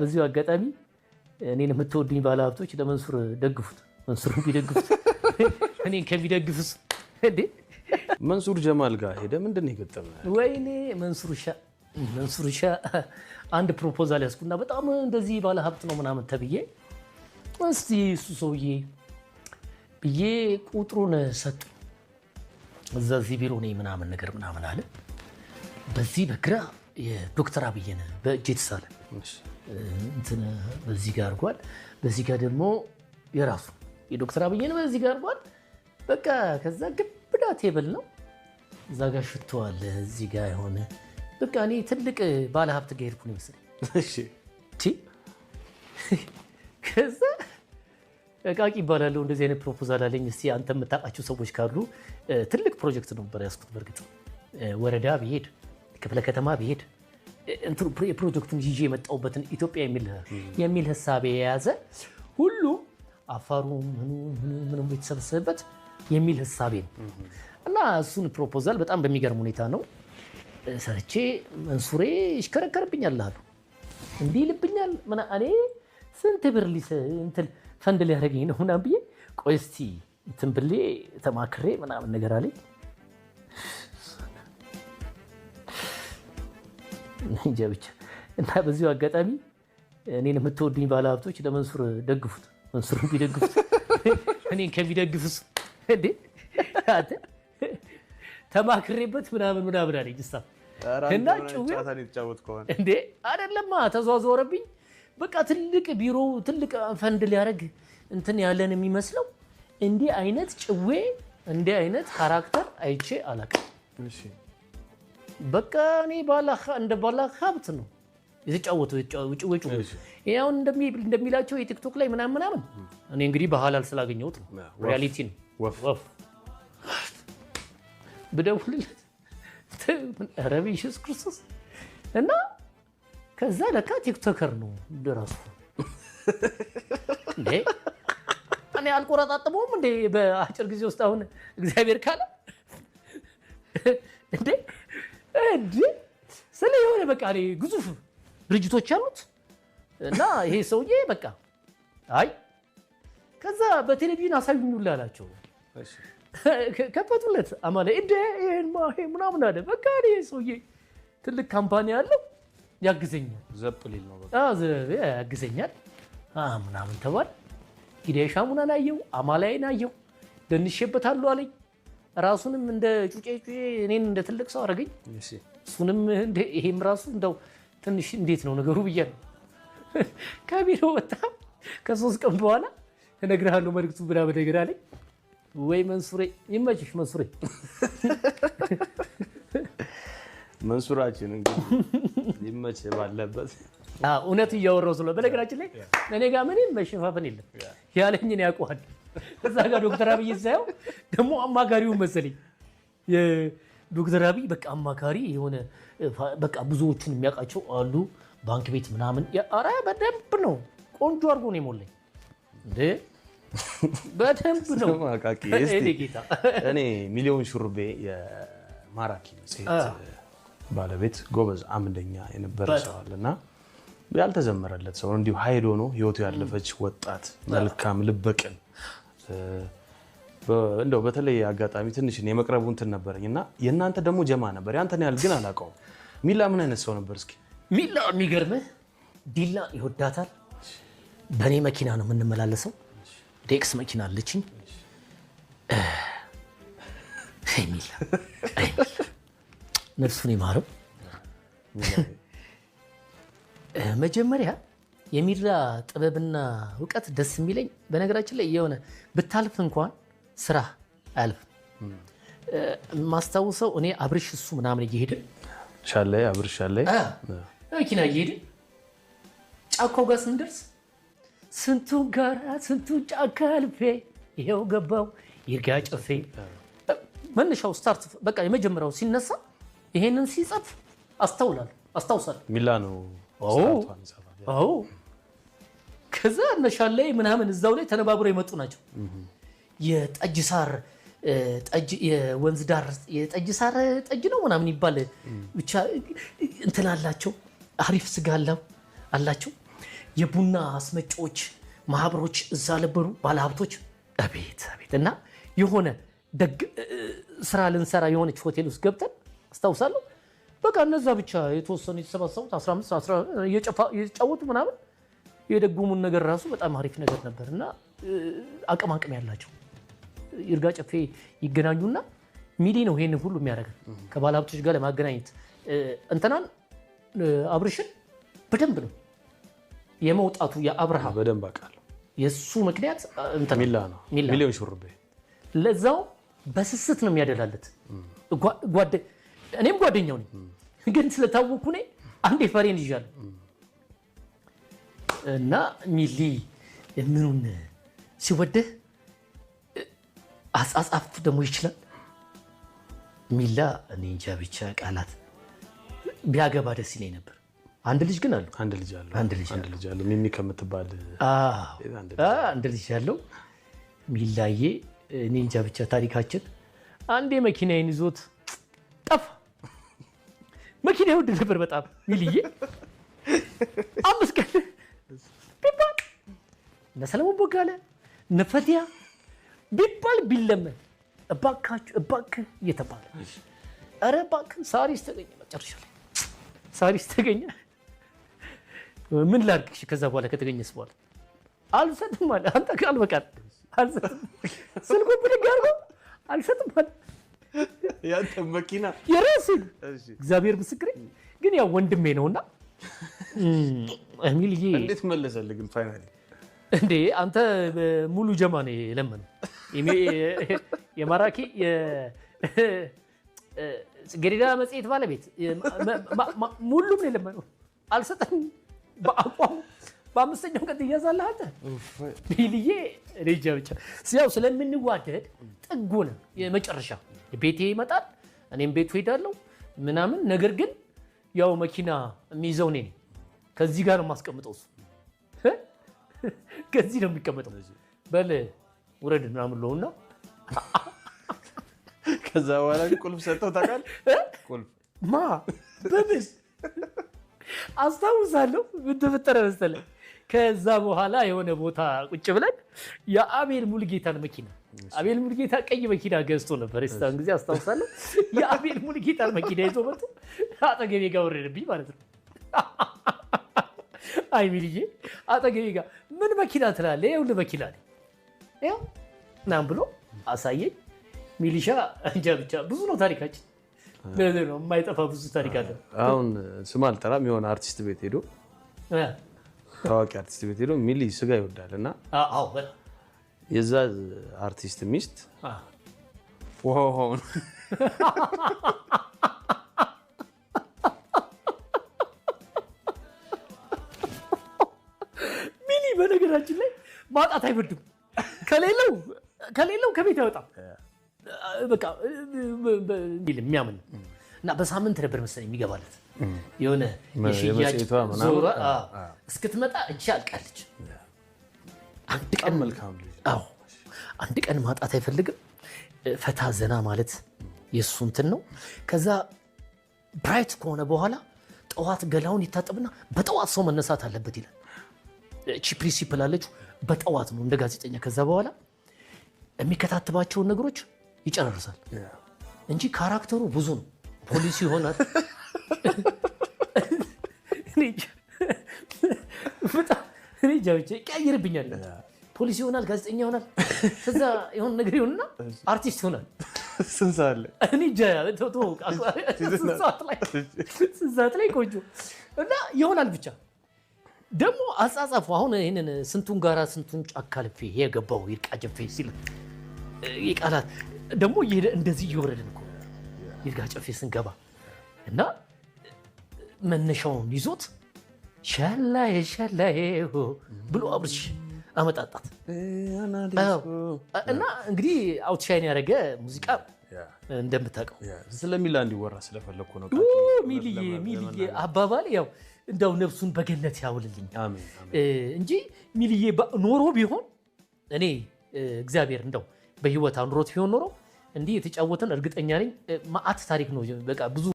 በዚሁ አጋጣሚ እኔን የምትወዱኝ ባለሀብቶች ለመንሱር ደግፉት። መንሱር ቢደግፉት እኔን ከሚደግፉት እንዴ መንሱር ጀማል ጋር ሄደ ምንድን ነው የገጠመ? ወይኔ መንሱር ሻ መንሱር ሻ አንድ ፕሮፖዛል ያስኩና በጣም እንደዚህ ባለ ሀብት ነው ምናምን ተብዬ እስቲ እሱ ሰውዬ ብዬ ቁጥሩን ሰጡ። እዛ እዚህ ቢሮ ነኝ ምናምን ነገር ምናምን አለ። በዚህ በግራ የዶክተር አብይን በእጅ የተሳለ እንትን በዚህ ጋር አድርጓል። በዚህ ጋር ደግሞ የራሱ የዶክተር አብይን በዚህ ጋር አድርጓል። በቃ ከዛ ግብዳ ቴብል ነው እዛ ጋር ሽቶዋል፣ እዚህ ጋር የሆነ በቃ እኔ ትልቅ ባለሀብት ጋር ሄድኩ ነው ከዛ ቃቂ ይባላለሁ እንደዚህ አይነት ፕሮፖዛል አለኝ፣ እስኪ አንተ የምታውቃቸው ሰዎች ካሉ ትልቅ ፕሮጀክት ነበር ያስኩት። በእርግጥ ወረዳ ብሄድ ክፍለ ከተማ ብሄድ የፕሮጀክቱን ይዤ የመጣሁበትን ኢትዮጵያ የሚል ህሳቤ የያዘ ሁሉም አፋሩ ምኑ የተሰበሰበበት የሚል ህሳቤ ነው እና እሱን ፕሮፖዛል በጣም በሚገርም ሁኔታ ነው ሰርቼ መንሱሬ ይሽከረከርብኛል አሉ። እንዲህ ይልብኛል ምና እኔ ስንት ብር እንትን ፈንድ ሊያደረግኝ ነው ና ብዬ ቆይ እስቲ እንትን ብሌ ተማክሬ ምናምን ነገር አለኝ። እንጃ ብቻ እና በዚሁ አጋጣሚ እኔን የምትወዱኝ ባለሀብቶች ለመንሱር ደግፉት። መንሱር ቢደግፉት እኔን ከሚደግፉት እንዴ ተማክሬበት ምናምን ምናምን አለኝ ሳ እና እንዴ አደለማ ተዘዋወረብኝ። በቃ ትልቅ ቢሮ ትልቅ ፈንድ ሊያደርግ እንትን ያለን የሚመስለው እንዲህ አይነት ጭዌ እንዲህ አይነት ካራክተር አይቼ አላውቅም። በቃ እኔ እንደ ባለ ሀብት ነው የተጫወተው ውጭ አሁን እንደሚላቸው የቲክቶክ ላይ ምናምን ምናምን እኔ እንግዲህ በሀላል ስላገኘሁት ነው። ሪያሊቲ ነው። ብደውልለት ኢየሱስ ክርስቶስ እና ከዛ ለካ ቲክቶከር ነው ድረሱ እኔ አልቆረጣጥመውም እንዴ በአጭር ጊዜ ውስጥ አሁን እግዚአብሔር ካለ እንዴ እንዲህ ስለ የሆነ በቃ ግዙፍ ድርጅቶች አሉት እና ይሄ ሰውዬ በቃ አይ ከዛ በቴሌቪዥን አሳዩኝ ሁላ አላቸው። ከፈቱለት እንደ ምናምን አለ። በቃ ይሄ ሰውዬ ትልቅ ካምፓኒ አለው ያግዘኛል፣ ዘብ ሊል ነው ያግዘኛል ምናምን አማላይን አየው ደንሼበታለሁ አለኝ። ራሱንም እንደ ጩጬ ጩጬ እኔን እንደ ትልቅ ሰው አደረገኝ። እሱንም ይሄም ራሱ እንደው ትንሽ እንዴት ነው ነገሩ ብዬ ነው ከቢሮ ወጣ። ከሶስት ቀን በኋላ እነግርሃለሁ መልዕክቱ ብላ በነገር አለኝ። ወይ መንሱሬ ይመችሽ መንሱሬ። መንሱራችን እንግዲህ ይመች ባለበት እውነት እያወራው ስለ በነገራችን ላይ እኔ ጋር ምንም መሸፋፈን የለም ያለኝን ያውቀዋል። እዛ ጋር ዶክተር አብይ ሳየው ደግሞ አማካሪው መሰለኝ ዶክተር አብይ በቃ አማካሪ የሆነ በቃ ብዙዎቹን የሚያውቃቸው አሉ። ባንክ ቤት ምናምን ኧረ በደንብ ነው። ቆንጆ አድርጎ ነው የሞላኝ። እንደ በደንብ ነው። እኔ ሚሊዮን ሹርቤ የማራኪ መጽሔት ባለቤት ጎበዝ አምደኛ የነበረ ሰው እና ያልተዘመረለት ሰው እንዲሁ ሀይል ሆኖ ህይወቱ ያለፈች ወጣት መልካም ልበቅን እንደው በተለይ አጋጣሚ ትንሽ የመቅረቡ እንትን ነበረኝ እና የእናንተ ደግሞ ጀማ ነበር። ያንተን ያህል ግን አላውቀውም። ሚላ ምን አይነት ሰው ነበር? እስኪ ሚላ የሚገርምህ ዲላ ይወዳታል። በእኔ መኪና ነው የምንመላለሰው። ዴክስ መኪና አለችኝ። ሚላ ነፍሱን ይማረው። መጀመሪያ የሚላ ጥበብና እውቀት ደስ የሚለኝ በነገራችን ላይ የሆነ ብታልፍ እንኳን ስራ አያልፍም። የማስታውሰው እኔ አብርሽ እሱ ምናምን እየሄደ ሻለይ አብርሽ መኪና እየሄደ ጫካው ጋር ስንደርስ ስንቱ ጋራ ስንቱ ጫካ አልፌ ይሄው ገባው ይርጋ ጨፌ መነሻው ስታርት በቃ የመጀመሪያው ሲነሳ ይሄንን ሲጽፍ አስታውላል አስታውሳል። ሚላ ነው። ከዛ እነ ምናምን እዛው ላይ ተነባብረው የመጡ ናቸው። የጠጅ ሳር የወንዝ ዳር የጠጅ ሳር ጠጅ ነው ምናምን ይባል ብቻ እንትን አላቸው። አሪፍ ስጋ አለው አላቸው። የቡና አስመጪዎች ማህበሮች እዛ ነበሩ፣ ባለሀብቶች ቤት ቤት እና የሆነ ደግ ስራ ልንሰራ የሆነች ሆቴል ውስጥ ገብተን አስታውሳለሁ። በቃ እነዛ ብቻ የተወሰኑ የተሰባሰቡት እየጫወቱ ምናምን የደጉሙን ነገር ራሱ በጣም አሪፍ ነገር ነበር እና አቅም አቅም ያላቸው ይርጋ ጨፌ ይገናኙና ሚሊ ነው ይሄንን ሁሉ የሚያደርገን ከባለ ሀብቶች ጋር ለማገናኘት እንትናን አብርሽን በደንብ ነው የመውጣቱ የአብርሃም በደንብ አውቃለሁ። የእሱ ምክንያት ሚላ ነው ሚሊዮን ሹርቤ ለዛው በስስት ነው የሚያደላለት። እኔም ጓደኛው ነኝ፣ ግን ስለታወኩ እኔ አንዴ ፈሬን ይዣል እና ሚሊ ምኑን ሲወደህ አጻጻፍ ደግሞ ይችላል ሚላ እኔ እንጃ ብቻ ቃላት ቢያገባ ደስ ይለኝ ነበር። አንድ ልጅ ግን አለው አንድ ልጅ አለው አንድ ልጅ አለው ሚሚ ከምትባል አንድ ልጅ አለው ሚላዬ እኔ እንጃ ብቻ ታሪካችን አንዴ መኪናዬን ይዞት ጠፋ። መኪና ውድ ነበር በጣም ሚልዬ አምስት ቀን ቢባል እነ ሰለሞን ቦጋለ እነ ፈቲያ ቢባል ቢለመን እባካችሁ እባክህ እየተባለ ኧረ እባክህን ሳሪስ ተገኘ። መጨረሻ ላይ ሳሪስ ተገኘ። ምን ላድርግ? ከዛ በኋላ ከተገኘስ በኋላ አልሰጥም አለ። አንተ ቃል በቃል ስልኩ ስልኩን ብድግ አድርጎ አልሰጥም አለ። ያንተ መኪና የራስህ እግዚአብሔር ምስክሬ። ግን ያው ወንድሜ ነውና ሚልዬ እንዴት መለሰልህ ግን ፋይናሊ እንዴ አንተ ሙሉ ጀማ ነው የለመን የማራኪ ጽጌረዳ መጽሔት ባለቤት ሙሉም ነው የለመነው። አልሰጠን በአቋም በአምስተኛው ቀን ትያዛለህ አንተ ልዬ ሬጃ ብቻ ያው ስለምንዋደድ ጥጎ ነ የመጨረሻ ቤቴ ይመጣል፣ እኔም ቤቱ ሄዳለሁ ምናምን። ነገር ግን ያው መኪና የሚይዘው እኔ ከዚህ ጋር ነው የማስቀምጠው እሱ ከዚህ ነው የሚቀመጠው። በል ውረድ ምናምን ለውና ከዛ በኋላ ቁልፍ ሰጠው ታውቃለህ? ቁልፍ ማ በምስ አስታውሳለሁ። ምን ተፈጠረ መሰለህ? ከዛ በኋላ የሆነ ቦታ ቁጭ ብለን የአቤል ሙልጌታን መኪና አቤል ሙልጌታ ቀይ መኪና ገዝቶ ነበር ስታን ጊዜ አስታውሳለሁ። የአቤል ሙልጌታን መኪና ይዞ መጡ አጠገቤ ጋር ወረደብኝ ማለት ነው። አይ ሚልዬ አጠገቤ ጋር ምን መኪና ትላለ? ይኸውልህ መኪና ያው ናም ብሎ አሳየኝ። ሚሊሻ እንጃ ብቻ ብዙ ነው ታሪካችን። ለዚህ ነው የማይጠፋ ብዙ ታሪክ አለ። አሁን ስም አልጠራም። የሆነ አርቲስት ቤት ሄዶ ታዋቂ አርቲስት ቤት ሄዶ ሚሊ ስጋ ይወዳል እና የዛ አርቲስት ሚስት ውሃ ውሃውን በነገራችን ላይ ማጣት አይበድም። ከሌለው ከሌለው ከቤት አይወጣም። በቃ የሚያምን እና በሳምንት ነበር መሰለኝ የሚገባለት የሆነ የሽያጭ እስክትመጣ እጅ አልቃለች። አንድ ቀን መልካም አንድ ቀን ማጣት አይፈልግም። ፈታ ዘና ማለት የእሱ እንትን ነው። ከዛ ብራይት ከሆነ በኋላ ጠዋት ገላውን ይታጠብና በጠዋት ሰው መነሳት አለበት ይላል። እቺ ፕሪንሲፕል አለችው። በጠዋት ነው እንደ ጋዜጠኛ። ከዛ በኋላ የሚከታተባቸውን ነገሮች ይጨራርሳል እንጂ ካራክተሩ ብዙ ነው። ፖሊስ ይሆናል። ይቀያየርብኛል። ፖሊስ ይሆናል፣ ጋዜጠኛ ይሆናል፣ ከዛ የሆነ ነገር ይሆንና አርቲስት ይሆናል። ስንት ላይ እኔ ስንት ሰዓት ላይ ቆንጆ እና ይሆናል ብቻ ደግሞ አጻጻፉ አሁን ይህንን ስንቱን ጋራ ስንቱን ጫካ ልፌ የገባው ይርቃጨፌ ሲል የቃላት ደግሞ እየሄደ እንደዚህ እየወረድን እኮ ይርቃጨፌ ስንገባ እና መነሻውን ይዞት ሸላዬ ሸላዬ ብሎ አብርሽ አመጣጣት እና እንግዲህ አውትሻይን ያደረገ ሙዚቃ እንደምታውቀው ስለሚላ እንዲወራ ስለፈለግኩ ነው። ሚልዬ ሚልዬ አባባል ያው እንደው ነፍሱን በገነት ያውልልኝ እንጂ ሚልዬ ኖሮ ቢሆን እኔ እግዚአብሔር እንደው በህይወት አኑሮት ቢሆን ኖሮ እንዲህ የተጫወተን እርግጠኛ ነኝ። ማአት ታሪክ ነው። በቃ ብዙ